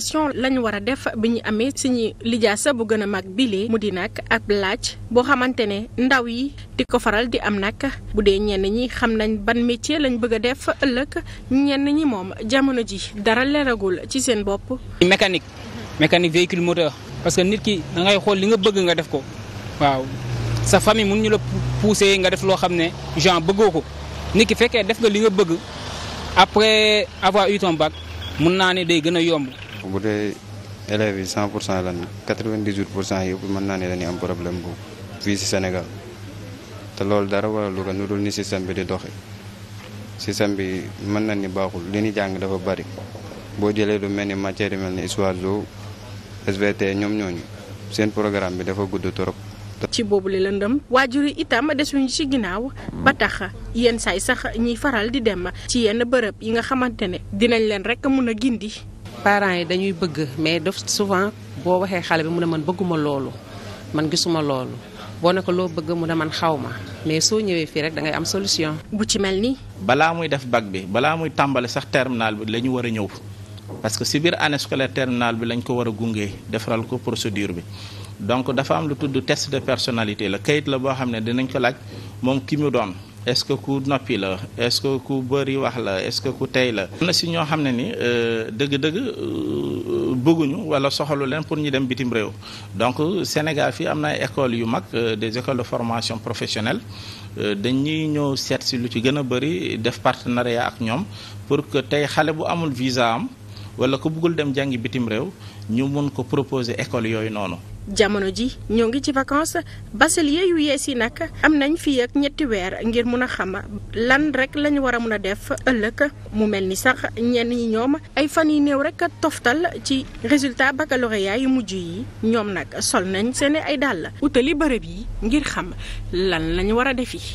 formation lañ war a def bi ñu amee suñu lijaasa bu gën a mag bilee mu di nag ab laaj boo xamante ne ndaw yi di ko faral di am nag bu dee ñenn ñi xam nañ ban métier lañ bëgg a def ëllëg ñenn ñi moom jamono ji dara leeragul ci seen bopp. mécanique mécanique véhicule moteur parce que nit ki da xool li nga bëgg nga def ko waaw sa famille mun ñu la pousser nga def loo xam ne genre bëggoo ko nit ki fekkee def nga li nga bëgg après avoir eu ton bac mun naa ne day gën a yomb bu dee élèves yi cent pour cent la ñu quatre-vingt-dix-huit pour cent yëpp mën naa ne dañuy am problème bu fii si Sénégal te loolu dara wala lu ko nu dul ni système bi di doxe système bi mën na ni baaxul li ñu jàng dafa bari boo jëlee lu mel ni matière yu mel ni histoire zoo SVT ñoom ñooñu seen programme bi dafa gudd trop. ci boobu li lëndëm waajur yi itam desuñu ci ginnaaw ba tax yenn saay sax ñiy faral di dem ci yenn bërëb yi nga xamante ne dinañ leen rek mun a gindi. parent yi dañuy bëgg mais def souvent boo waxee xale bi mu ne man bëgguma loolu man gisuma loolu boo ne ko loo bëgg mu ne man xaw ma mais soo ñëwee fii rek da ngay am solution. bu ci mel ni. balaa muy def bag bi balaa muy tàmbali sax terminal bi la ñu war a ñëw parce que si biir année scolaire terminal bi lañ ko war a gunge defaral ko procédure bi. donc dafa am lu tudd test de personnalité la kayit la boo xam ne dinañ ko laaj moom ki mu doon. est-ce que ku noppi la est-ce que ku bëri wax la est-ce que ku tey la. am na si ñoo xam ne ni euh, dëgg-dëgg euh, bëgguñu wala soxalu leen pour ñu dem bitim réew donc Sénégal fii am na école yu mag euh, des écoles de formation professionnelle dañuy ñëw seet si lu ci gën a bëri def partenariat ak ñoom pour que tey xale bu amul visa am wala ku buggul dem jàngi bitim réew ñu mun ko proposer école yooyu noonu. jamono ji ñoo ngi ci vacances bachelier yu yees yi nag am nañ fii ak ñetti weer ngir mun a xam lan rek lañu war a mun a def ëllëg mu mel ni sax ñenn ñi ñoom ay fan yu néew rek toftal ci résultat baccalauréat yu mujj yi ñoom nag sol nañ seen ay dàll utali bërëb yi ngir xam lan lañu war a def yi